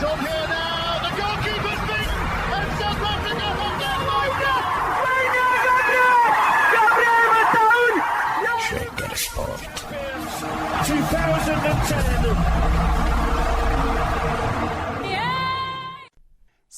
Job here now.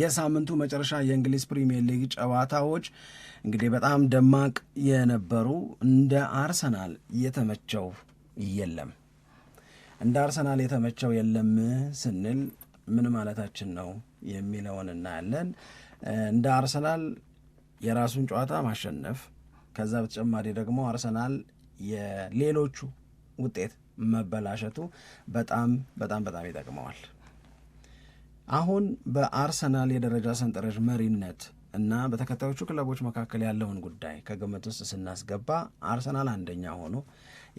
የሳምንቱ መጨረሻ የእንግሊዝ ፕሪምየር ሊግ ጨዋታዎች እንግዲህ በጣም ደማቅ የነበሩ እንደ አርሰናል የተመቸው የለም። እንደ አርሰናል የተመቸው የለም ስንል ምን ማለታችን ነው የሚለውን እናያለን። እንደ አርሰናል የራሱን ጨዋታ ማሸነፍ፣ ከዛ በተጨማሪ ደግሞ አርሰናል የሌሎቹ ውጤት መበላሸቱ በጣም በጣም በጣም ይጠቅመዋል። አሁን በአርሰናል የደረጃ ሰንጠረዥ መሪነት እና በተከታዮቹ ክለቦች መካከል ያለውን ጉዳይ ከግምት ውስጥ ስናስገባ አርሰናል አንደኛ ሆኖ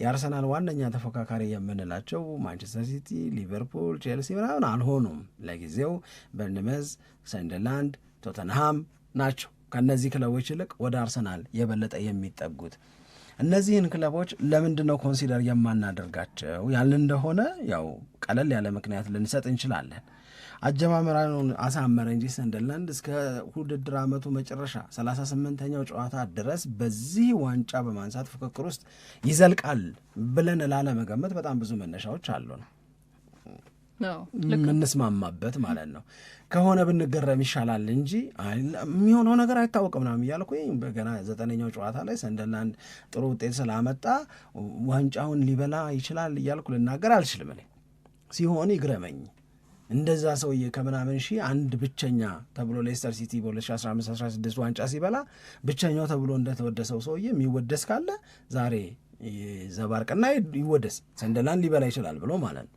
የአርሰናል ዋነኛ ተፎካካሪ የምንላቸው ማንቸስተር ሲቲ፣ ሊቨርፑል፣ ቼልሲ ምናምን አልሆኑም። ለጊዜው በርንመዝ፣ ሰንደርላንድ፣ ቶተንሃም ናቸው ከእነዚህ ክለቦች ይልቅ ወደ አርሰናል የበለጠ የሚጠጉት። እነዚህን ክለቦች ለምንድን ነው ኮንሲደር የማናደርጋቸው ያልን እንደሆነ ያው ቀለል ያለ ምክንያት ልንሰጥ እንችላለን። አጀማመራን አሳመረ እንጂ ሰንደርላንድ እስከ ውድድር አመቱ መጨረሻ 38ኛው ጨዋታ ድረስ በዚህ ዋንጫ በማንሳት ፉክክር ውስጥ ይዘልቃል ብለን ላለመገመት በጣም ብዙ መነሻዎች ነው የምንስማማበት ማለት ነው። ከሆነ ብንገረም ይሻላል እንጂ የሚሆነው ነገር አይታወቅም ምናምን እያልኩ በገና ዘጠነኛው ጨዋታ ላይ ሰንደርላንድ ጥሩ ውጤት ስላመጣ ዋንጫውን ሊበላ ይችላል እያልኩ ልናገር አልችልም። ሲሆን ይግረመኝ እንደዛ ሰውዬ ከምናምን ሺህ አንድ ብቸኛ ተብሎ ሌስተር ሲቲ በ2015/16 ዋንጫ ሲበላ ብቸኛው ተብሎ እንደተወደሰው ሰውዬ የሚወደስ ካለ ዛሬ ዘባርቅና ይወደስ ሰንደላንድ ሊበላ ይችላል ብሎ ማለት ነው።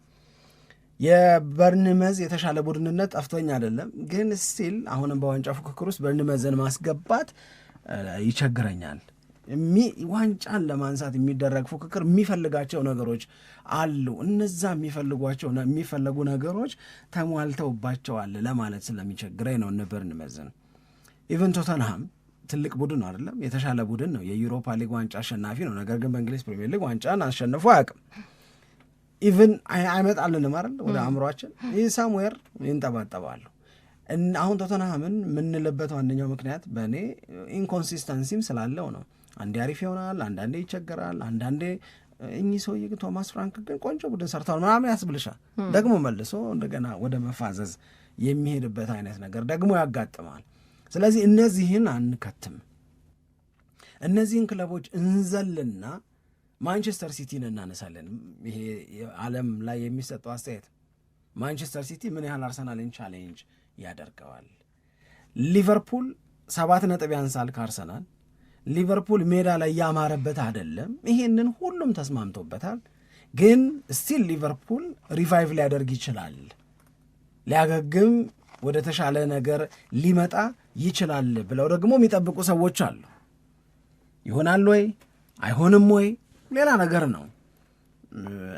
የበርንመዝ የተሻለ ቡድንነት ጠፍቶኝ አይደለም፣ ግን ስቲል አሁንም በዋንጫ ፉክክር ውስጥ በርንመዝን ማስገባት ይቸግረኛል። ዋንጫን ለማንሳት የሚደረግ ፉክክር የሚፈልጋቸው ነገሮች አሉ። እነዛ የሚፈልጓቸው የሚፈለጉ ነገሮች ተሟልተውባቸዋል ለማለት ስለሚቸግረኝ ነው። ነበር እንመዝን ኢቨን ቶተንሃም ትልቅ ቡድን አይደለም፣ የተሻለ ቡድን ነው። የዩሮፓ ሊግ ዋንጫ አሸናፊ ነው። ነገር ግን በእንግሊዝ ፕሪሚየር ሊግ ዋንጫን አሸንፎ አያውቅም። ኢቨን አይመጣልንም አይደል ወደ አእምሯችን፣ ይህ ሳሙዌር ይንጠባጠባሉ። አሁን ቶተንሃምን የምንልበት ዋነኛው ምክንያት በእኔ ኢንኮንሲስተንሲም ስላለው ነው። አንዴ አሪፍ ይሆናል፣ አንዳንዴ ይቸገራል፣ አንዳንዴ እኚህ ሰውዬ ግን ቶማስ ፍራንክ ግን ቆንጆ ቡድን ሰርተዋል ምናምን ያስብልሻል። ደግሞ መልሶ እንደገና ወደ መፋዘዝ የሚሄድበት አይነት ነገር ደግሞ ያጋጥማል። ስለዚህ እነዚህን አንከትም፣ እነዚህን ክለቦች እንዘልና ማንቸስተር ሲቲን እናነሳለን። ይሄ ዓለም ላይ የሚሰጠው አስተያየት ማንቸስተር ሲቲ ምን ያህል አርሰናልን ቻሌንጅ ያደርገዋል። ሊቨርፑል ሰባት ነጥብ ያንሳል ከአርሰናል ሊቨርፑል ሜዳ ላይ ያማረበት አይደለም። ይሄንን ሁሉም ተስማምቶበታል። ግን ስቲል ሊቨርፑል ሪቫይቭ ሊያደርግ ይችላል፣ ሊያገግም ወደ ተሻለ ነገር ሊመጣ ይችላል ብለው ደግሞ የሚጠብቁ ሰዎች አሉ። ይሆናል ወይ አይሆንም ወይ ሌላ ነገር ነው።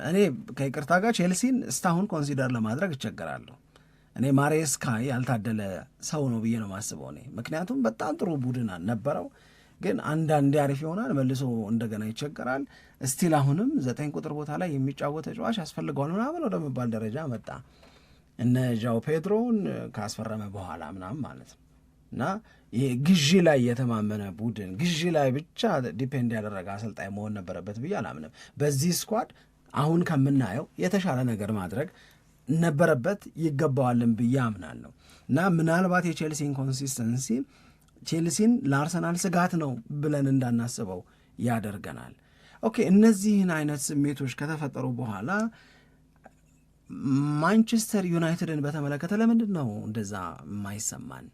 እኔ ከይቅርታ ጋር ቼልሲን እስካሁን ኮንሲደር ለማድረግ እቸገራለሁ። እኔ ማሬስካ ያልታደለ ሰው ነው ብዬ ነው ማስበው እኔ ምክንያቱም በጣም ጥሩ ቡድን ነበረው። ግን አንዳንዴ አሪፍ ይሆናል፣ መልሶ እንደገና ይቸገራል። እስቲል አሁንም ዘጠኝ ቁጥር ቦታ ላይ የሚጫወት ተጫዋች ያስፈልገዋል ምናምን ወደ ደረጃ መጣ። እነ ዣው ፔድሮን ካስፈረመ በኋላ ምናምን ማለት ነው እና ግዢ ላይ የተማመነ ቡድን ግዢ ላይ ብቻ ዲፔንድ ያደረገ አሰልጣኝ መሆን ነበረበት ብዬ አላምንም። በዚህ ስኳድ አሁን ከምናየው የተሻለ ነገር ማድረግ ነበረበት ይገባዋልን ብዬ አምናለሁ እና ምናልባት የቼልሲ ኢንኮንሲስተንሲ ቼልሲን ለአርሰናል ስጋት ነው ብለን እንዳናስበው ያደርገናል። ኦኬ እነዚህን አይነት ስሜቶች ከተፈጠሩ በኋላ ማንቸስተር ዩናይትድን በተመለከተ ለምንድን ነው እንደዛ የማይሰማን?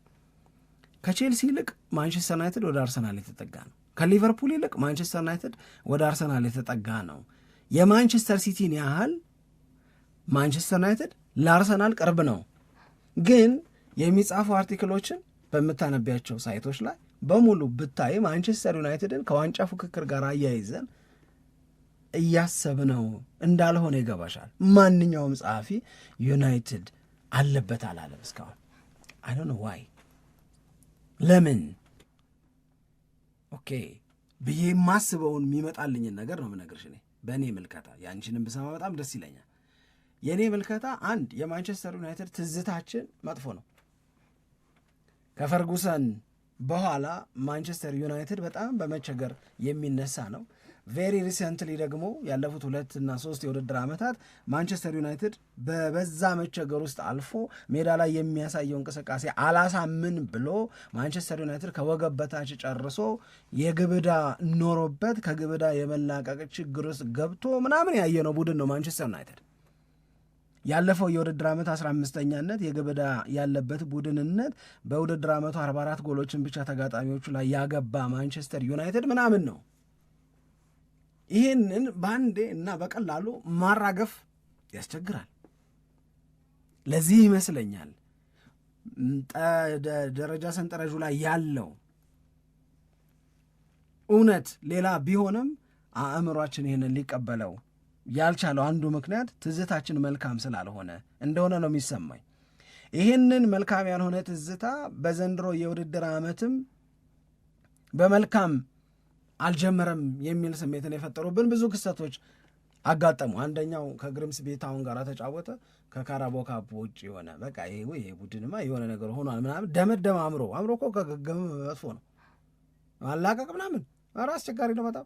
ከቼልሲ ይልቅ ማንቸስተር ዩናይትድ ወደ አርሰናል የተጠጋ ነው። ከሊቨርፑል ይልቅ ማንቸስተር ዩናይትድ ወደ አርሰናል የተጠጋ ነው። የማንቸስተር ሲቲን ያህል ማንቸስተር ዩናይትድ ለአርሰናል ቅርብ ነው። ግን የሚጻፉ አርቲክሎችን በምታነቢያቸው ሳይቶች ላይ በሙሉ ብታይ ማንቸስተር ዩናይትድን ከዋንጫ ፉክክር ጋር አያይዘን እያሰብነው እንዳልሆነ ይገባሻል። ማንኛውም ጸሐፊ ዩናይትድ አለበት አላለም እስካሁን። አይ ዶንት ዋይ ለምን ኦኬ ብዬ የማስበውን የሚመጣልኝን ነገር ነው የምነግርሽ። እኔ በእኔ ምልከታ ያንቺንም ብሰማ በጣም ደስ ይለኛል። የእኔ ምልከታ አንድ የማንቸስተር ዩናይትድ ትዝታችን መጥፎ ነው። ከፈርጉሰን በኋላ ማንቸስተር ዩናይትድ በጣም በመቸገር የሚነሳ ነው። ቬሪ ሪሰንትሊ ደግሞ ያለፉት ሁለት እና ሶስት የውድድር ዓመታት ማንቸስተር ዩናይትድ በበዛ መቸገር ውስጥ አልፎ ሜዳ ላይ የሚያሳየው እንቅስቃሴ አላሳምን ብሎ ማንቸስተር ዩናይትድ ከወገብ በታች ጨርሶ የግብዳ ኖሮበት ከግብዳ የመላቀቅ ችግር ውስጥ ገብቶ ምናምን ያየ ነው ቡድን ነው ማንቸስተር ዩናይትድ ያለፈው የውድድር ዓመት 15ኛነት የገበዳ ያለበት ቡድንነት በውድድር ዓመቱ 44 ጎሎችን ብቻ ተጋጣሚዎቹ ላይ ያገባ ማንቸስተር ዩናይትድ ምናምን ነው። ይህንን በአንዴ እና በቀላሉ ማራገፍ ያስቸግራል። ለዚህ ይመስለኛል ደረጃ ሰንጠረዡ ላይ ያለው እውነት ሌላ ቢሆንም አእምሯችን ይህንን ሊቀበለው ያልቻለው አንዱ ምክንያት ትዝታችን መልካም ስላልሆነ እንደሆነ ነው የሚሰማኝ። ይህንን መልካም ያልሆነ ትዝታ በዘንድሮ የውድድር ዓመትም በመልካም አልጀመረም የሚል ስሜትን የፈጠሩብን ብዙ ክስተቶች አጋጠሙ። አንደኛው ከግሪምስቢ ታውን ጋር ተጫወተ፣ ከካራቦካፕ ውጭ የሆነ በቃ ይሄ ቡድንማ የሆነ ነገር ሆኗል ምናምን ደመደመ። አምሮ አምሮ እኮ ከገመ መጥፎ ነው ማላቀቅ ምናምን ኧረ አስቸጋሪ ነው በጣም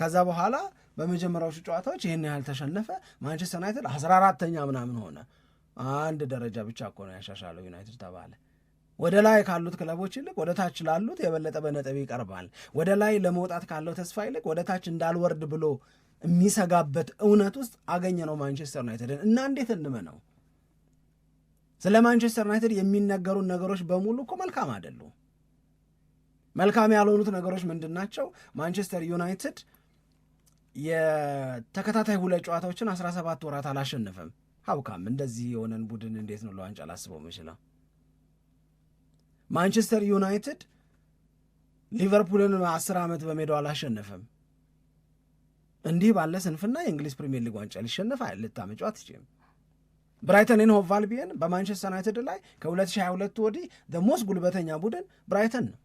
ከዛ በኋላ በመጀመሪያዎቹ ጨዋታዎች ይህን ያህል ተሸነፈ። ማንቸስተር ዩናይትድ አስራ አራተኛ ምናምን ሆነ። አንድ ደረጃ ብቻ እኮ ነው ያሻሻለው ዩናይትድ ተባለ። ወደ ላይ ካሉት ክለቦች ይልቅ ወደ ታች ላሉት የበለጠ በነጥብ ይቀርባል። ወደ ላይ ለመውጣት ካለው ተስፋ ይልቅ ወደ ታች እንዳልወርድ ብሎ የሚሰጋበት እውነት ውስጥ አገኘ ነው ማንቸስተር ዩናይትድን እና እንዴት እንመ ነው ስለ ማንቸስተር ዩናይትድ የሚነገሩን ነገሮች በሙሉ እኮ መልካም አይደሉም። መልካም ያልሆኑት ነገሮች ምንድን ናቸው? ማንቸስተር ዩናይትድ የተከታታይ ሁለት ጨዋታዎችን 17 ወራት አላሸነፈም። ሀውካም እንደዚህ የሆነን ቡድን እንዴት ነው ለዋንጫ ላስበው ምችለው? ማንቸስተር ዩናይትድ ሊቨርፑልን አስር ዓመት በሜዳው አላሸነፈም። እንዲህ ባለ ስንፍና የእንግሊዝ ፕሪምየር ሊግ ዋንጫ ሊሸነፍ ልታመጫ አትችም። ብራይተን ኤንድ ሆቭ አልቢየን በማንቸስተር ዩናይትድ ላይ ከ2022 ወዲህ ሞስት ጉልበተኛ ቡድን ብራይተን ነው።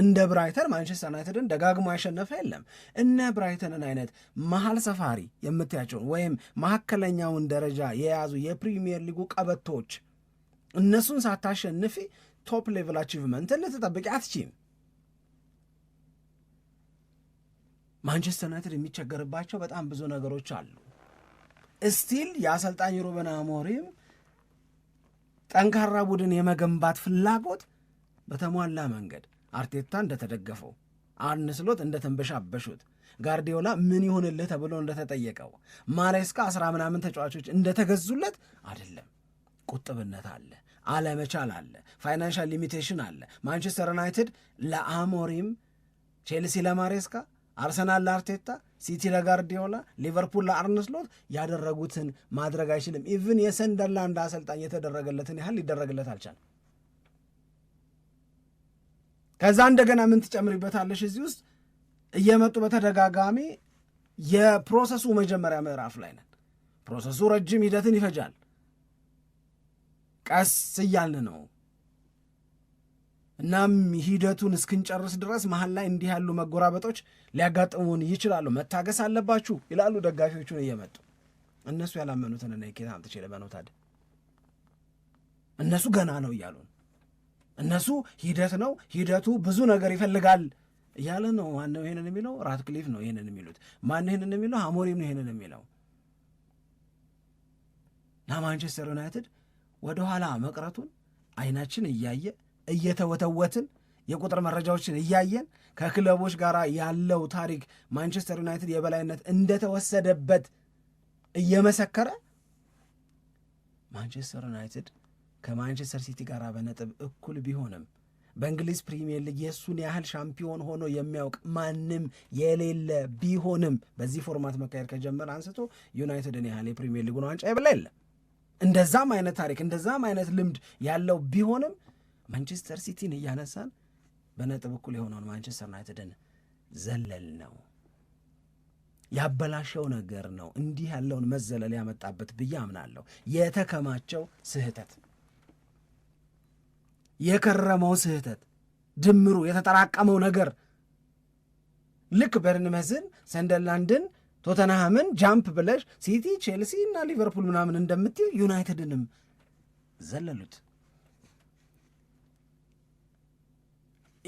እንደ ብራይተን ማንቸስተር ዩናይትድን ደጋግሞ ያሸነፈ የለም። እነ ብራይተንን አይነት መሀል ሰፋሪ የምትያቸውን ወይም መካከለኛውን ደረጃ የያዙ የፕሪሚየር ሊጉ ቀበቶዎች እነሱን ሳታሸንፊ ቶፕ ሌቭል አቺቭመንትን ልትጠብቂ አትችም። ማንቸስተር ዩናይትድ የሚቸገርባቸው በጣም ብዙ ነገሮች አሉ። ስቲል የአሰልጣኝ ሩበን አሞሪም ጠንካራ ቡድን የመገንባት ፍላጎት በተሟላ መንገድ አርቴታ እንደተደገፈው አንስሎት እንደተንበሻበሹት ጋርዲዮላ ምን ይሆንልህ ተብሎ እንደተጠየቀው ማሬስካ አስራ ምናምን ተጫዋቾች እንደተገዙለት አይደለም። ቁጥብነት አለ፣ አለመቻል አለ፣ ፋይናንሻል ሊሚቴሽን አለ። ማንቸስተር ዩናይትድ ለአሞሪም፣ ቼልሲ ለማሬስካ፣ አርሰናል ለአርቴታ፣ ሲቲ ለጋርዲዮላ፣ ሊቨርፑል ለአርነስሎት ያደረጉትን ማድረግ አይችልም። ኢቭን የሰንደርላንድ አሰልጣኝ የተደረገለትን ያህል ሊደረግለት አልቻለም። ከዛ እንደገና ምን ትጨምሪበታለሽ እዚህ ውስጥ እየመጡ በተደጋጋሚ የፕሮሰሱ መጀመሪያ ምዕራፍ ላይ ነን። ፕሮሰሱ ረጅም ሂደትን ይፈጃል። ቀስ እያልን ነው። እናም ሂደቱን እስክንጨርስ ድረስ መሀል ላይ እንዲህ ያሉ መጎራበጦች ሊያጋጥሙን ይችላሉ፣ መታገስ አለባችሁ ይላሉ ደጋፊዎቹን እየመጡ እነሱ ያላመኑትን እና ኬት አምጥቼ ለበነው እነሱ ገና ነው እያሉ እነሱ ሂደት ነው፣ ሂደቱ ብዙ ነገር ይፈልጋል እያለ ነው። ማነው ይህንን የሚለው? ራትክሊፍ ነው ይህንን የሚሉት። ማን ይህንን የሚለው? አሞሪም ነው ይህንን የሚለው። ና ማንቸስተር ዩናይትድ ወደኋላ መቅረቱን አይናችን እያየ እየተወተወትን የቁጥር መረጃዎችን እያየን ከክለቦች ጋር ያለው ታሪክ ማንቸስተር ዩናይትድ የበላይነት እንደተወሰደበት እየመሰከረ ማንቸስተር ዩናይትድ ከማንቸስተር ሲቲ ጋር በነጥብ እኩል ቢሆንም በእንግሊዝ ፕሪምየር ሊግ የእሱን ያህል ሻምፒዮን ሆኖ የሚያውቅ ማንም የሌለ ቢሆንም በዚህ ፎርማት መካሄድ ከጀመረ አንስቶ ዩናይትድን ያህል የፕሪምየር ሊጉን ዋንጫ የበላ የለም። እንደዛም አይነት ታሪክ እንደዛም አይነት ልምድ ያለው ቢሆንም ማንቸስተር ሲቲን እያነሳን በነጥብ እኩል የሆነውን ማንቸስተር ዩናይትድን ዘለል ነው ያበላሸው ነገር ነው እንዲህ ያለውን መዘለል ያመጣበት ብዬ አምናለሁ። የተከማቸው ስህተት የከረመው ስህተት ድምሩ የተጠራቀመው ነገር ልክ በርንመዝን፣ ሰንደርላንድን፣ ቶተንሃምን ጃምፕ ብለሽ ሲቲ፣ ቼልሲ እና ሊቨርፑል ምናምን እንደምትይው ዩናይትድንም ዘለሉት።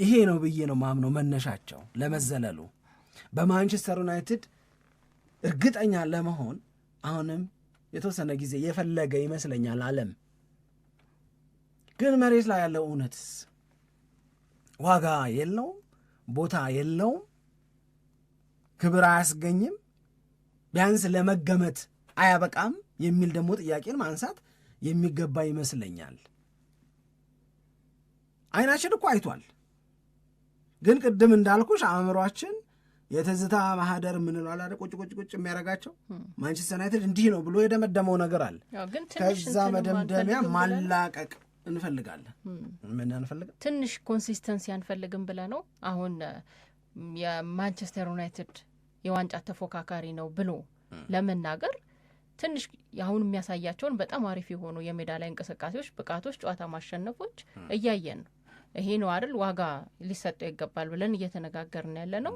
ይሄ ነው ብዬ ነው ማምነው መነሻቸው ለመዘለሉ በማንቸስተር ዩናይትድ እርግጠኛ ለመሆን አሁንም የተወሰነ ጊዜ የፈለገ ይመስለኛል ዓለም ግን መሬት ላይ ያለው እውነትስ ዋጋ የለውም፣ ቦታ የለውም፣ ክብር አያስገኝም፣ ቢያንስ ለመገመት አያበቃም የሚል ደግሞ ጥያቄን ማንሳት የሚገባ ይመስለኛል። አይናችን እኮ አይቷል። ግን ቅድም እንዳልኩሽ አእምሯችን የትዝታ ማህደር የምንለው አለ ቁጭ ቁጭ ቁጭ የሚያደርጋቸው ማንቸስተር ዩናይትድ እንዲህ ነው ብሎ የደመደመው ነገር አለ። ከዛ መደምደሚያ ማላቀቅ እንፈልጋለን። ምን አንፈልግም፣ ትንሽ ኮንሲስተንሲ አንፈልግም ብለ ነው አሁን የማንቸስተር ዩናይትድ የዋንጫ ተፎካካሪ ነው ብሎ ለመናገር ትንሽ አሁን የሚያሳያቸውን በጣም አሪፍ የሆኑ የሜዳ ላይ እንቅስቃሴዎች፣ ብቃቶች፣ ጨዋታ ማሸነፎች እያየን ነው። ይሄ ነው አይደል ዋጋ ሊሰጠው ይገባል ብለን እየተነጋገርን ያለ ነው።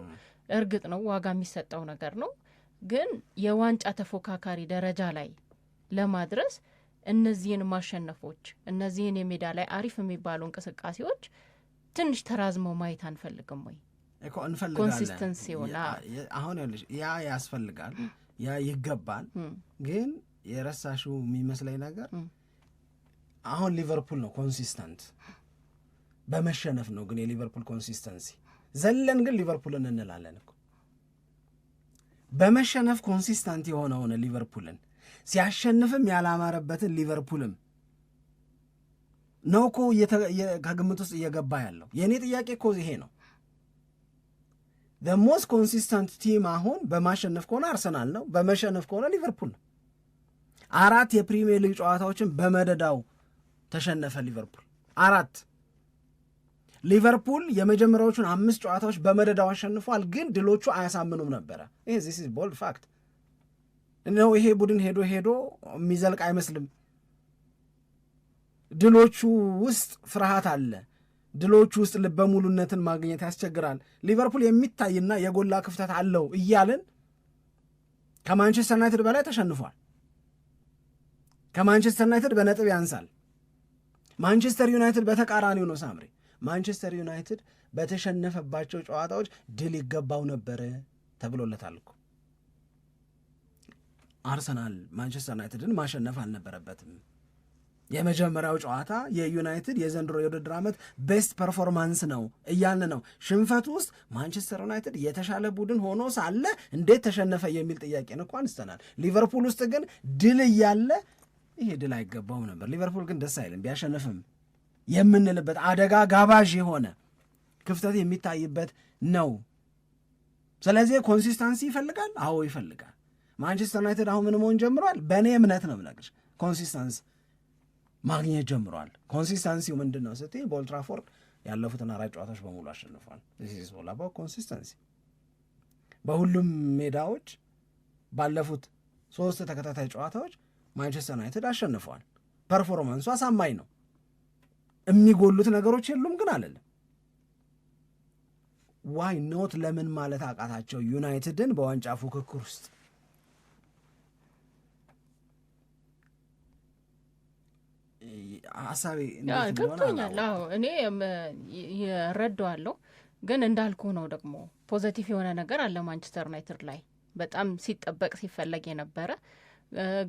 እርግጥ ነው ዋጋ የሚሰጠው ነገር ነው፣ ግን የዋንጫ ተፎካካሪ ደረጃ ላይ ለማድረስ እነዚህን ማሸነፎች እነዚህን የሜዳ ላይ አሪፍ የሚባሉ እንቅስቃሴዎች ትንሽ ተራዝመው ማየት አንፈልግም ወይ? ኮንሲስተንሲ አሁን ይኸውልሽ፣ ያ ያስፈልጋል፣ ያ ይገባል። ግን የረሳሹ የሚመስለኝ ነገር አሁን ሊቨርፑል ነው ኮንሲስተንት በመሸነፍ ነው። ግን የሊቨርፑል ኮንሲስተንሲ ዘለን ግን ሊቨርፑልን እንላለን እኮ በመሸነፍ ኮንሲስተንት የሆነውን ሊቨርፑልን ሲያሸንፍም ያላማረበትን ሊቨርፑልም ነው እኮ ከግምት ውስጥ እየገባ ያለው። የእኔ ጥያቄ እኮ ይሄ ነው። ሞስት ኮንሲስተንት ቲም አሁን በማሸነፍ ከሆነ አርሰናል ነው፣ በመሸነፍ ከሆነ ሊቨርፑል ነው። አራት የፕሪሚየር ሊግ ጨዋታዎችን በመደዳው ተሸነፈ ሊቨርፑል አራት። ሊቨርፑል የመጀመሪያዎቹን አምስት ጨዋታዎች በመደዳው አሸንፏል፣ ግን ድሎቹ አያሳምኑም ነበረ። ይሄ ዚስ ኢዝ ቦልድ ፋክት ነው ይሄ ቡድን ሄዶ ሄዶ የሚዘልቅ አይመስልም። ድሎቹ ውስጥ ፍርሃት አለ። ድሎቹ ውስጥ ልበሙሉነትን ማግኘት ያስቸግራል። ሊቨርፑል የሚታይና የጎላ ክፍተት አለው እያልን ከማንቸስተር ዩናይትድ በላይ ተሸንፏል። ከማንቸስተር ዩናይትድ በነጥብ ያንሳል። ማንቸስተር ዩናይትድ በተቃራኒው ነው። ሳምሪ ማንቸስተር ዩናይትድ በተሸነፈባቸው ጨዋታዎች ድል ይገባው ነበረ ተብሎለታል እኮ አርሰናል ማንቸስተር ዩናይትድን ማሸነፍ አልነበረበትም። የመጀመሪያው ጨዋታ የዩናይትድ የዘንድሮ የውድድር ዓመት ቤስት ፐርፎርማንስ ነው እያልን ነው። ሽንፈት ውስጥ ማንቸስተር ዩናይትድ የተሻለ ቡድን ሆኖ ሳለ እንዴት ተሸነፈ የሚል ጥያቄን እኮ አንስተናል። ሊቨርፑል ውስጥ ግን ድል እያለ ይሄ ድል አይገባውም ነበር። ሊቨርፑል ግን ደስ አይልም ቢያሸንፍም የምንልበት አደጋ ጋባዥ የሆነ ክፍተት የሚታይበት ነው። ስለዚህ ኮንሲስታንሲ ይፈልጋል። አዎ ይፈልጋል። ማንቸስተር ዩናይትድ አሁን ምን መሆን ጀምሯል? በእኔ እምነት ነው የምነግርሽ፣ ኮንሲስተንስ ማግኘት ጀምሯል። ኮንሲስተንሲው ምንድን ነው ስትይ በኦልትራፎርድ ያለፉትን አራት ጨዋታዎች በሙሉ አሸንፏል። ሶላባ ኮንሲስተንሲ በሁሉም ሜዳዎች ባለፉት ሶስት ተከታታይ ጨዋታዎች ማንቸስተር ዩናይትድ አሸንፏል። ፐርፎርማንሱ አሳማኝ ነው። የሚጎሉት ነገሮች የሉም ግን አለለም ዋይ ኖት ለምን ማለት አቃታቸው ዩናይትድን በዋንጫ ፉክክር ውስጥ ሀሳቤ ገብቶኛል። እኔ እረዳዋለሁ፣ ግን እንዳልኩ ነው ደግሞ ፖዘቲቭ የሆነ ነገር አለ ማንቸስተር ዩናይትድ ላይ በጣም ሲጠበቅ ሲፈለግ የነበረ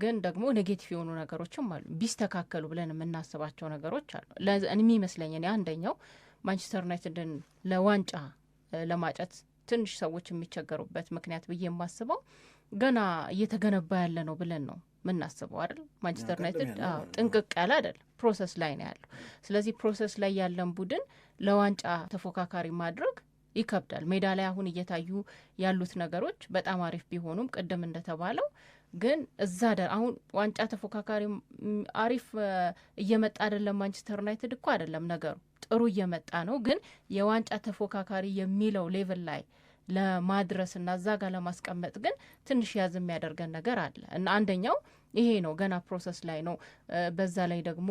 ግን ደግሞ ኔጌቲቭ የሆኑ ነገሮችም አሉ። ቢስተካከሉ ብለን የምናስባቸው ነገሮች አሉ። የሚመስለኝ እኔ አንደኛው ማንቸስተር ዩናይትድን ለዋንጫ ለማጨት ትንሽ ሰዎች የሚቸገሩበት ምክንያት ብዬ የማስበው ገና እየተገነባ ያለ ነው ብለን ነው ምናስበው አይደል? ማንቸስተር ዩናይትድ ጥንቅቅ ያለ አይደል? ፕሮሰስ ላይ ነው ያለው። ስለዚህ ፕሮሰስ ላይ ያለን ቡድን ለዋንጫ ተፎካካሪ ማድረግ ይከብዳል። ሜዳ ላይ አሁን እየታዩ ያሉት ነገሮች በጣም አሪፍ ቢሆኑም ቅድም እንደተባለው ግን እዛ አሁን ዋንጫ ተፎካካሪ አሪፍ እየመጣ አይደለም። ማንቸስተር ዩናይትድ እኮ አይደለም ነገሩ ጥሩ እየመጣ ነው፣ ግን የዋንጫ ተፎካካሪ የሚለው ሌቭል ላይ ለማድረስና እዛ ጋር ለማስቀመጥ ግን ትንሽ ያዝ የሚያደርገን ነገር አለ እና አንደኛው ይሄ ነው። ገና ፕሮሰስ ላይ ነው። በዛ ላይ ደግሞ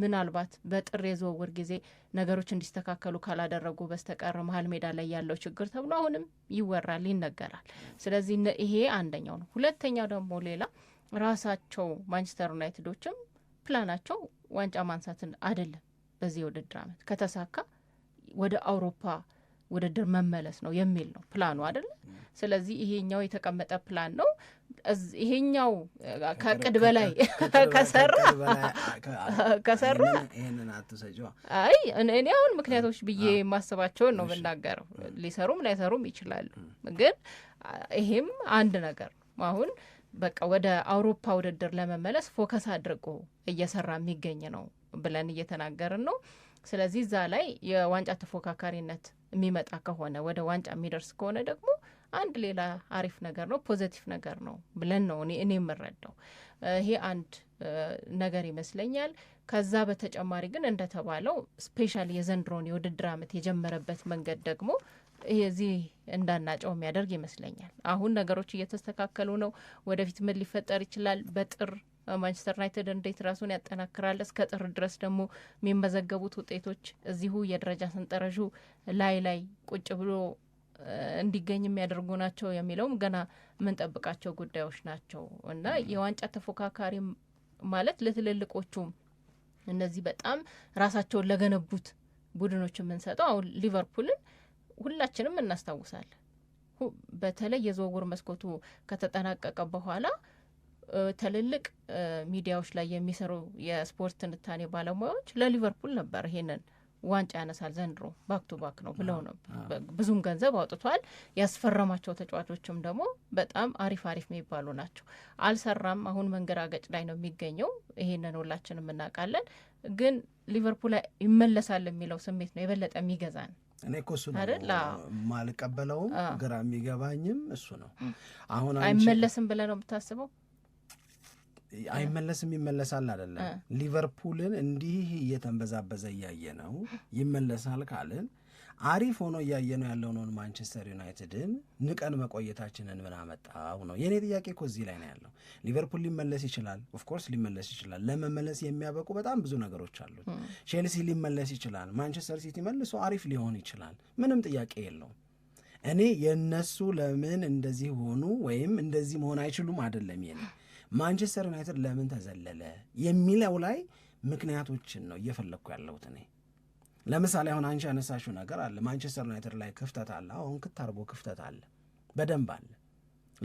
ምናልባት በጥር የዝውውር ጊዜ ነገሮች እንዲስተካከሉ ካላደረጉ በስተቀር መሀል ሜዳ ላይ ያለው ችግር ተብሎ አሁንም ይወራል፣ ይነገራል። ስለዚህ ይሄ አንደኛው ነው። ሁለተኛው ደግሞ ሌላ ራሳቸው ማንቸስተር ዩናይትዶችም ፕላናቸው ዋንጫ ማንሳትን አይደለም። በዚህ የውድድር አመት ከተሳካ ወደ አውሮፓ ውድድር መመለስ ነው የሚል ነው ፕላኑ አይደለ? ስለዚህ ይሄኛው የተቀመጠ ፕላን ነው። ይሄኛው ከቅድ በላይ ከሰራ ከሰራ አይ እኔ አሁን ምክንያቶች ብዬ የማስባቸውን ነው የምናገረው። ሊሰሩም ላይሰሩም ይችላሉ፣ ግን ይሄም አንድ ነገር ነው። አሁን በቃ ወደ አውሮፓ ውድድር ለመመለስ ፎከስ አድርጎ እየሰራ የሚገኝ ነው ብለን እየተናገርን ነው። ስለዚህ እዛ ላይ የዋንጫ ተፎካካሪነት የሚመጣ ከሆነ ወደ ዋንጫ የሚደርስ ከሆነ ደግሞ አንድ ሌላ አሪፍ ነገር ነው፣ ፖዘቲቭ ነገር ነው ብለን ነው እኔ የምረዳው። ይሄ አንድ ነገር ይመስለኛል። ከዛ በተጨማሪ ግን እንደተባለው ስፔሻል የዘንድሮን የውድድር ዓመት የጀመረበት መንገድ ደግሞ እዚህ እንዳናጨው የሚያደርግ ይመስለኛል። አሁን ነገሮች እየተስተካከሉ ነው። ወደፊት ምን ሊፈጠር ይችላል በጥር ማንቸስተር ዩናይትድ እንዴት ራሱን ያጠናክራል። እስከ ጥር ድረስ ደግሞ የሚመዘገቡት ውጤቶች እዚሁ የደረጃ ሰንጠረዡ ላይ ላይ ቁጭ ብሎ እንዲገኝ የሚያደርጉ ናቸው የሚለውም ገና የምንጠብቃቸው ጉዳዮች ናቸው እና የዋንጫ ተፎካካሪ ማለት ለትልልቆቹ እነዚህ በጣም ራሳቸውን ለገነቡት ቡድኖች የምንሰጠው አሁን ሊቨርፑልን ሁላችንም እናስታውሳለን። በተለይ የዝውውር መስኮቱ ከተጠናቀቀ በኋላ ትልልቅ ሚዲያዎች ላይ የሚሰሩ የስፖርት ትንታኔ ባለሙያዎች ለሊቨርፑል ነበር ይሄንን ዋንጫ ያነሳል ዘንድሮ ባክ ቱ ባክ ነው ብለው ነበር። ብዙም ገንዘብ አውጥቷል። ያስፈረማቸው ተጫዋቾችም ደግሞ በጣም አሪፍ አሪፍ የሚባሉ ናቸው። አልሰራም። አሁን መንገራገጭ ላይ ነው የሚገኘው። ይሄንን ሁላችንም እናውቃለን። ግን ሊቨርፑል ይመለሳል የሚለው ስሜት ነው የበለጠ የሚገዛን። እኔ እኮ እሱ ነው ማልቀበለውም ግራ የሚገባኝም እሱ ነው። አሁን አይመለስም ብለህ ነው የምታስበው? አይመለስም ይመለሳል አይደለም። ሊቨርፑልን እንዲህ እየተንበዛበዘ እያየ ነው ይመለሳል ካልን አሪፍ ሆኖ እያየ ነው ያለውን ማንቸስተር ዩናይትድን ንቀን መቆየታችንን ምን አመጣው ነው የእኔ ጥያቄ እኮ እዚህ ላይ ነው ያለው። ሊቨርፑል ሊመለስ ይችላል፣ ኦፍኮርስ ሊመለስ ይችላል። ለመመለስ የሚያበቁ በጣም ብዙ ነገሮች አሉት። ቼልሲ ሊመለስ ይችላል፣ ማንቸስተር ሲቲ መልሶ አሪፍ ሊሆን ይችላል። ምንም ጥያቄ የለውም። እኔ የእነሱ ለምን እንደዚህ ሆኑ ወይም እንደዚህ መሆን አይችሉም አይደለም የኔ ማንቸስተር ዩናይትድ ለምን ተዘለለ የሚለው ላይ ምክንያቶችን ነው እየፈለግኩ ያለሁት እኔ። ለምሳሌ አሁን አንቺ ያነሳሽው ነገር አለ። ማንቸስተር ዩናይትድ ላይ ክፍተት አለ። አሁን ክታርጎ ክፍተት አለ፣ በደንብ አለ።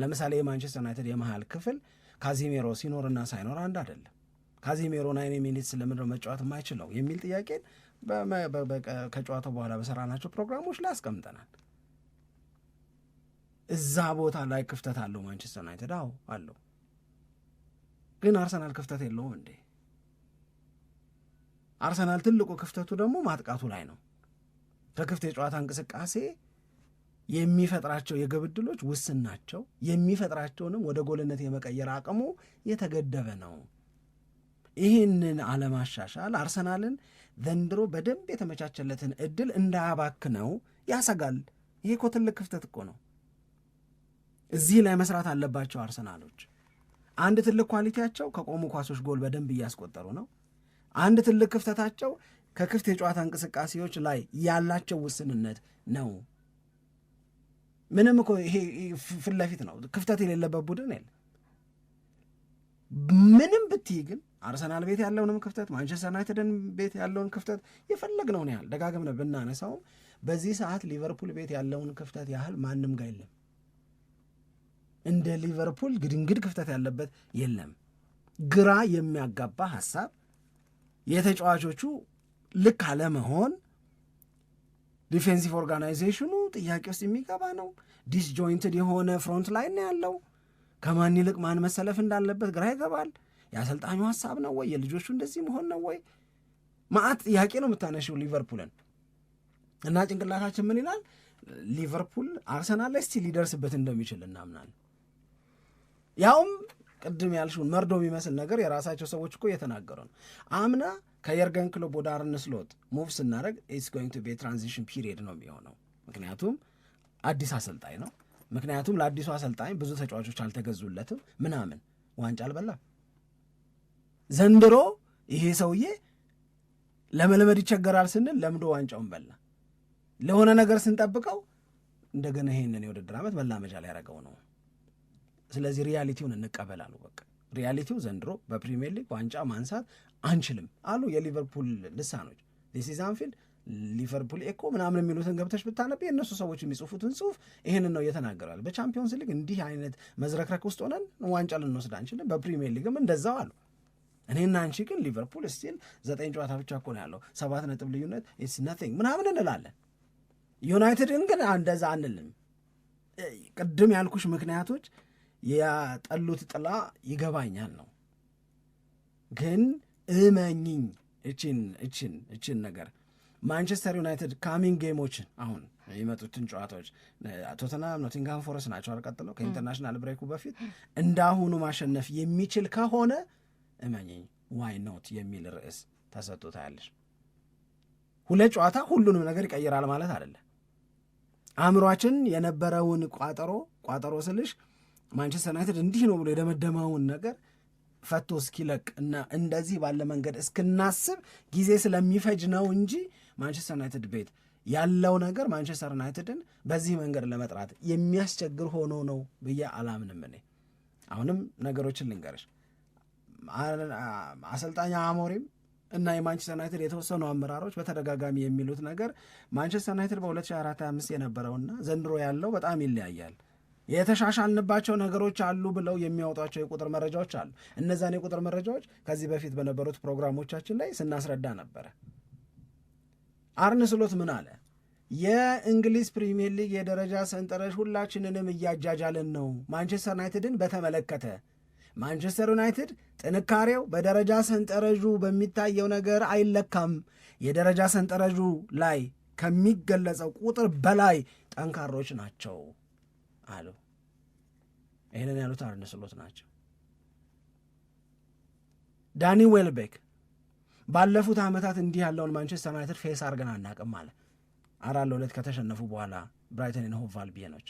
ለምሳሌ የማንቸስተር ዩናይትድ የመሀል ክፍል ካዚሜሮ ሲኖርና ሳይኖር አንድ አይደለም። ካዚሜሮ ናይን ሚኒትስ ለምንድነው መጫወት የማይችለው የሚል ጥያቄን ከጨዋታው በኋላ በሰራናቸው ፕሮግራሞች ላይ አስቀምጠናል። እዛ ቦታ ላይ ክፍተት አለው ማንቸስተር ዩናይትድ አዎ አለው። ግን አርሰናል ክፍተት የለውም እንዴ? አርሰናል ትልቁ ክፍተቱ ደግሞ ማጥቃቱ ላይ ነው። ከክፍት የጨዋታ እንቅስቃሴ የሚፈጥራቸው የግብ ዕድሎች ውስን ናቸው። የሚፈጥራቸውንም ወደ ጎልነት የመቀየር አቅሙ የተገደበ ነው። ይህንን አለማሻሻል አርሰናልን ዘንድሮ በደንብ የተመቻቸለትን እድል እንዳያባክነው ያሰጋል። ይሄ እኮ ትልቅ ክፍተት እኮ ነው። እዚህ ላይ መስራት አለባቸው አርሰናሎች። አንድ ትልቅ ኳሊቲያቸው ከቆሙ ኳሶች ጎል በደንብ እያስቆጠሩ ነው። አንድ ትልቅ ክፍተታቸው ከክፍት የጨዋታ እንቅስቃሴዎች ላይ ያላቸው ውስንነት ነው። ምንም እኮ ይሄ ፊት ለፊት ነው፣ ክፍተት የሌለበት ቡድን የለ። ምንም ብትይ ግን አርሰናል ቤት ያለውንም ክፍተት ማንቸስተር ዩናይትድን ቤት ያለውን ክፍተት የፈለግነውን ያህል ደጋግመን ብናነሳውም በዚህ ሰዓት ሊቨርፑል ቤት ያለውን ክፍተት ያህል ማንም ጋር የለም። እንደ ሊቨርፑል ግድንግድ ክፍተት ያለበት የለም። ግራ የሚያጋባ ሀሳብ የተጫዋቾቹ ልክ አለመሆን ዲፌንሲቭ ኦርጋናይዜሽኑ ጥያቄ ውስጥ የሚገባ ነው። ዲስጆይንትድ የሆነ ፍሮንት ላይን ነው ያለው። ከማን ይልቅ ማን መሰለፍ እንዳለበት ግራ ይገባል። የአሰልጣኙ ሀሳብ ነው ወይ? የልጆቹ እንደዚህ መሆን ነው ወይ? ማአት ጥያቄ ነው የምታነሽው ሊቨርፑልን እና ጭንቅላታችን ምን ይላል? ሊቨርፑል አርሰናል ላይ እስቲ ሊደርስበት እንደሚችል እናምናለን። ያውም ቅድም ያልሽውን መርዶ የሚመስል ነገር የራሳቸው ሰዎች እኮ እየተናገሩ ነው። አምና ከየርገን ክሎብ ወደ አርነ ስሎት ሙቭ ስናደርግ ኢትስ ጎይንግ ቱ ቤ ትራንዚሽን ፒሪየድ ነው የሚሆነው። ምክንያቱም አዲስ አሰልጣኝ ነው። ምክንያቱም ለአዲሱ አሰልጣኝ ብዙ ተጫዋቾች አልተገዙለትም ምናምን። ዋንጫ አልበላም ዘንድሮ ይሄ ሰውዬ ለመለመድ ይቸገራል ስንል ለምዶ ዋንጫውን በላ። ለሆነ ነገር ስንጠብቀው እንደገና ይሄንን የውድድር ዓመት መላመጃ ላይ ያደረገው ነው። ስለዚህ ሪያሊቲውን እንቀበል አሉ። በቃ ሪያሊቲው ዘንድሮ በፕሪሚየር ሊግ ዋንጫ ማንሳት አንችልም አሉ የሊቨርፑል ልሳኖች። ዲስ አንፊልድ ሊቨርፑል ኤኮ ምናምን የሚሉትን ገብተሽ ብታነብ የእነሱ ሰዎች የሚጽፉትን ጽሁፍ ይህንን ነው እየተናገራል። በቻምፒዮንስ ሊግ እንዲህ አይነት መዝረክረክ ውስጥ ሆነን ዋንጫ ልንወስድ አንችልም፣ በፕሪሚየር ሊግም እንደዛው አሉ። እኔና አንቺ ግን ሊቨርፑል ስቲል ዘጠኝ ጨዋታ ብቻ እኮ ነው ያለው፣ ሰባት ነጥብ ልዩነት ኢትስ ነቲንግ ምናምን እንላለን። ዩናይትድን ግን እንደዛ አንልም። ቅድም ያልኩሽ ምክንያቶች ያጠሉት ጥላ ይገባኛል ነው። ግን እመኝኝ እችን እችን እችን ነገር ማንቸስተር ዩናይትድ ካሚንግ ጌሞችን አሁን የሚመጡትን ጨዋታዎች ቶተናም፣ ኖቲንግሃም ፎረስት ናቸው አልቀጥለው ከኢንተርናሽናል ብሬኩ በፊት እንዳሁኑ ማሸነፍ የሚችል ከሆነ እመኝኝ ዋይ ኖት የሚል ርዕስ ተሰጥቶታያለሽ። ሁለት ጨዋታ ሁሉንም ነገር ይቀይራል ማለት አይደለም። አእምሯችን የነበረውን ቋጠሮ ቋጠሮ ስልሽ ማንቸስተር ዩናይትድ እንዲህ ነው ብሎ የደመደመውን ነገር ፈቶ እስኪለቅ እና እንደዚህ ባለ መንገድ እስክናስብ ጊዜ ስለሚፈጅ ነው እንጂ ማንቸስተር ዩናይትድ ቤት ያለው ነገር ማንቸስተር ዩናይትድን በዚህ መንገድ ለመጥራት የሚያስቸግር ሆኖ ነው ብዬ አላምንም። እኔ አሁንም ነገሮችን ልንገርሽ፣ አሰልጣኝ አሞሪም እና የማንቸስተር ዩናይትድ የተወሰኑ አመራሮች በተደጋጋሚ የሚሉት ነገር ማንቸስተር ዩናይትድ በ2024/25 የነበረውና ዘንድሮ ያለው በጣም ይለያያል። የተሻሻልንባቸው ነገሮች አሉ ብለው የሚያወጧቸው የቁጥር መረጃዎች አሉ። እነዛን የቁጥር መረጃዎች ከዚህ በፊት በነበሩት ፕሮግራሞቻችን ላይ ስናስረዳ ነበረ። አርነ ስሎት ምን አለ? የእንግሊዝ ፕሪምየር ሊግ የደረጃ ሰንጠረዥ ሁላችንንም እያጃጃልን ነው። ማንቸስተር ዩናይትድን በተመለከተ ማንቸስተር ዩናይትድ ጥንካሬው በደረጃ ሰንጠረዡ በሚታየው ነገር አይለካም። የደረጃ ሰንጠረዡ ላይ ከሚገለጸው ቁጥር በላይ ጠንካሮች ናቸው። አሉ። ይህንን ያሉት አርነ ስሎት ናቸው። ዳኒ ዌልቤክ ባለፉት ዓመታት እንዲህ ያለውን ማንቸስተር ዩናይትድ ፌስ አድርገን አናቅም አለ። አራት ለሁለት ከተሸነፉ በኋላ ብራይተንን ሆቭ አልቢዮኖች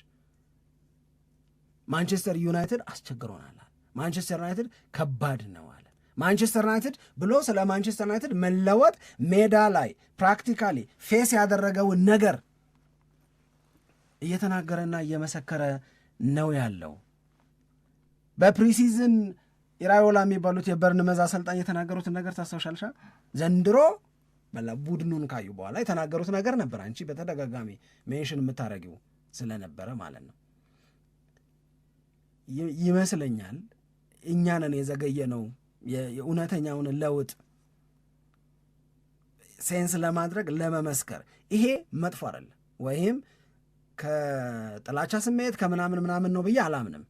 ማንቸስተር ዩናይትድ አስቸግሮናል አለ። ማንቸስተር ዩናይትድ ከባድ ነው አለ። ማንቸስተር ዩናይትድ ብሎ ስለ ማንቸስተር ዩናይትድ መለወጥ ሜዳ ላይ ፕራክቲካሊ ፌስ ያደረገውን ነገር እየተናገረና እየመሰከረ ነው ያለው። በፕሪሲዝን ኢራዮላ የሚባሉት የበርን መዝ አሰልጣኝ የተናገሩትን ነገር ታስታውሻልሻ? ዘንድሮ በላ ቡድኑን ካዩ በኋላ የተናገሩት ነገር ነበር። አንቺ በተደጋጋሚ ሜንሽን የምታደረጊው ስለነበረ ማለት ነው ይመስለኛል እኛንን የዘገየ ነው የእውነተኛውን ለውጥ ሴንስ ለማድረግ ለመመስከር። ይሄ መጥፎ አይደለም ወይም ከጥላቻ ስሜት ከምናምን ምናምን ነው ብዬ አላምንም።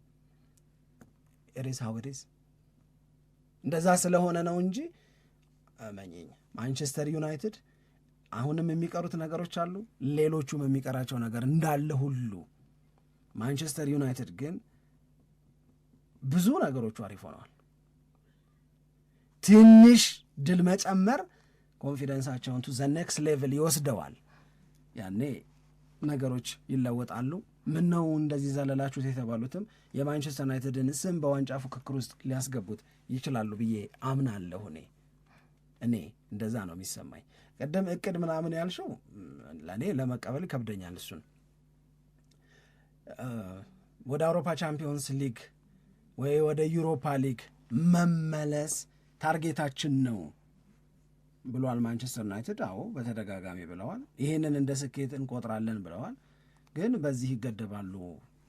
ሬስ ሀውሪዝ እንደዛ ስለሆነ ነው እንጂ መኝኝ ማንቸስተር ዩናይትድ አሁንም የሚቀሩት ነገሮች አሉ፣ ሌሎቹም የሚቀራቸው ነገር እንዳለ ሁሉ ማንቸስተር ዩናይትድ ግን ብዙ ነገሮቹ አሪፍ ሆነዋል። ትንሽ ድል መጨመር ኮንፊደንሳቸውን ቱ ዘ ኔክስት ሌቭል ይወስደዋል ያኔ ነገሮች ይለወጣሉ። ምን ነው እንደዚህ ዘለላችሁት የተባሉትም የማንቸስተር ዩናይትድን ስም በዋንጫ ፉክክር ውስጥ ሊያስገቡት ይችላሉ ብዬ አምናለሁ። እኔ እኔ እንደዛ ነው የሚሰማኝ። ቅድም እቅድ ምናምን ያልሽው ለእኔ ለመቀበል ይከብደኛል። እሱን ወደ አውሮፓ ቻምፒዮንስ ሊግ ወይ ወደ ዩሮፓ ሊግ መመለስ ታርጌታችን ነው ብሏል ማንቸስተር ዩናይትድ። አዎ በተደጋጋሚ ብለዋል። ይህንን እንደ ስኬት እንቆጥራለን ብለዋል። ግን በዚህ ይገደባሉ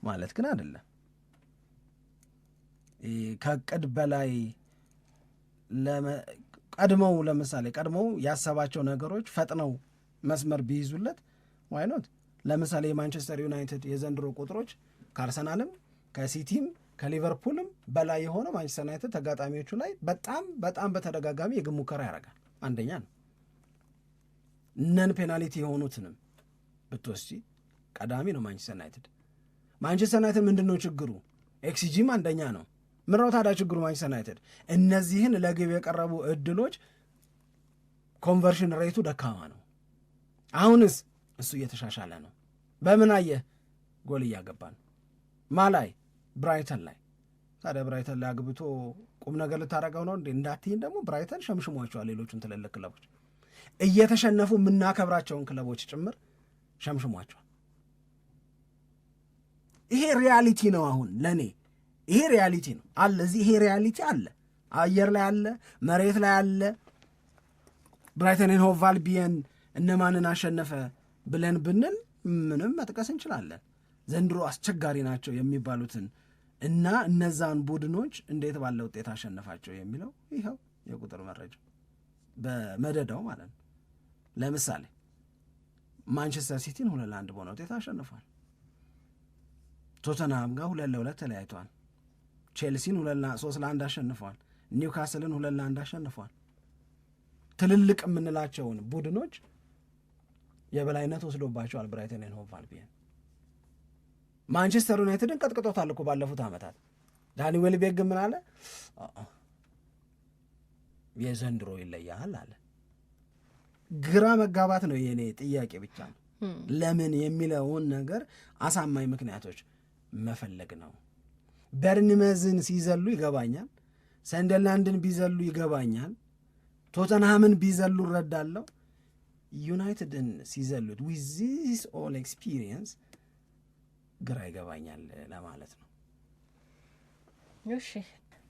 ማለት ግን አይደለም። ከቅድ በላይ ቀድመው ለምሳሌ ቀድመው ያሰባቸው ነገሮች ፈጥነው መስመር ቢይዙለት ዋይኖት ለምሳሌ የማንቸስተር ዩናይትድ የዘንድሮ ቁጥሮች ከአርሰናልም ከሲቲም ከሊቨርፑልም በላይ የሆነ ማንቸስተር ዩናይትድ ተጋጣሚዎቹ ላይ በጣም በጣም በተደጋጋሚ የግብ ሙከራ ያደርጋል። አንደኛ ነው። ነን ፔናልቲ የሆኑትንም ብትወስጂ ቀዳሚ ነው ማንቸስተር ዩናይትድ። ማንቸስተር ዩናይትድ ምንድን ነው ችግሩ? ኤክስጂም አንደኛ ነው። ምነው ታዲያ ችግሩ ማንቸስተር ዩናይትድ እነዚህን ለግብ የቀረቡ እድሎች ኮንቨርሽን ሬቱ ደካማ ነው። አሁንስ እሱ እየተሻሻለ ነው። በምን አየህ? ጎል እያገባ ነው። ማ ላይ? ብራይተን ላይ ታዲያ ብራይተን ላይ አግብቶ ቁም ነገር ልታረገው ነው እንዴ እንዳትይን ደግሞ ብራይተን ሸምሽሟቸዋል። ሌሎቹን ትልልቅ ክለቦች እየተሸነፉ የምናከብራቸውን ክለቦች ጭምር ሸምሽሟቸዋል። ይሄ ሪያሊቲ ነው። አሁን ለእኔ ይሄ ሪያሊቲ ነው አለ። እዚህ ይሄ ሪያሊቲ አለ፣ አየር ላይ አለ፣ መሬት ላይ አለ። ብራይተንን ሆቭ አልቢየን እነማንን አሸነፈ ብለን ብንል ምንም መጥቀስ እንችላለን። ዘንድሮ አስቸጋሪ ናቸው የሚባሉትን እና እነዛን ቡድኖች እንዴት ባለ ውጤት አሸነፋቸው የሚለው ይኸው የቁጥር መረጃ በመደዳው ማለት ነው። ለምሳሌ ማንቸስተር ሲቲን ሁለት ለአንድ በሆነ ውጤት አሸንፏል። ቶተንሃም ጋር ሁለት ለሁለት ተለያይቷል። ቼልሲን ሶስት ለአንድ አሸንፏል። ኒውካስልን ሁለት ለአንድ አሸንፏል። ትልልቅ የምንላቸውን ቡድኖች የበላይነት ወስዶባቸዋል ብራይተንን ሆቭ ማንቸስተር ዩናይትድን ቀጥቅጦታል እኮ ባለፉት ዓመታት። ዳኒ ዌልቤክ ምን አለ? የዘንድሮ ይለያል አለ። ግራ መጋባት ነው የእኔ ጥያቄ ብቻ ነው። ለምን የሚለውን ነገር አሳማኝ ምክንያቶች መፈለግ ነው። በርንመዝን ሲዘሉ ይገባኛል። ሰንደርላንድን ቢዘሉ ይገባኛል። ቶተንሃምን ቢዘሉ እረዳለሁ። ዩናይትድን ሲዘሉት ዊዝ ዚስ ኦል ኤክስፒሪየንስ ግራ ይገባኛል ለማለት ነው። እሺ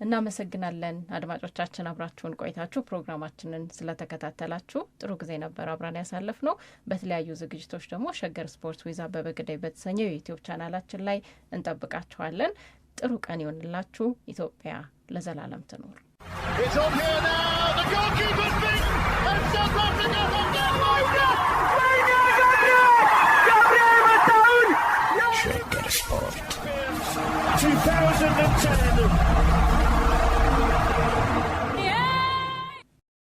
እናመሰግናለን። አድማጮቻችን አብራችሁን ቆይታችሁ ፕሮግራማችንን ስለተከታተላችሁ ጥሩ ጊዜ ነበር አብራን ያሳለፍ ነው። በተለያዩ ዝግጅቶች ደግሞ ሸገር ስፖርት ዊዝ አበበ ግደይ በተሰኘው ቻናላችን ላይ እንጠብቃችኋለን። ጥሩ ቀን ይሆንላችሁ። ኢትዮጵያ ለዘላለም ትኖር። Passport. 2010.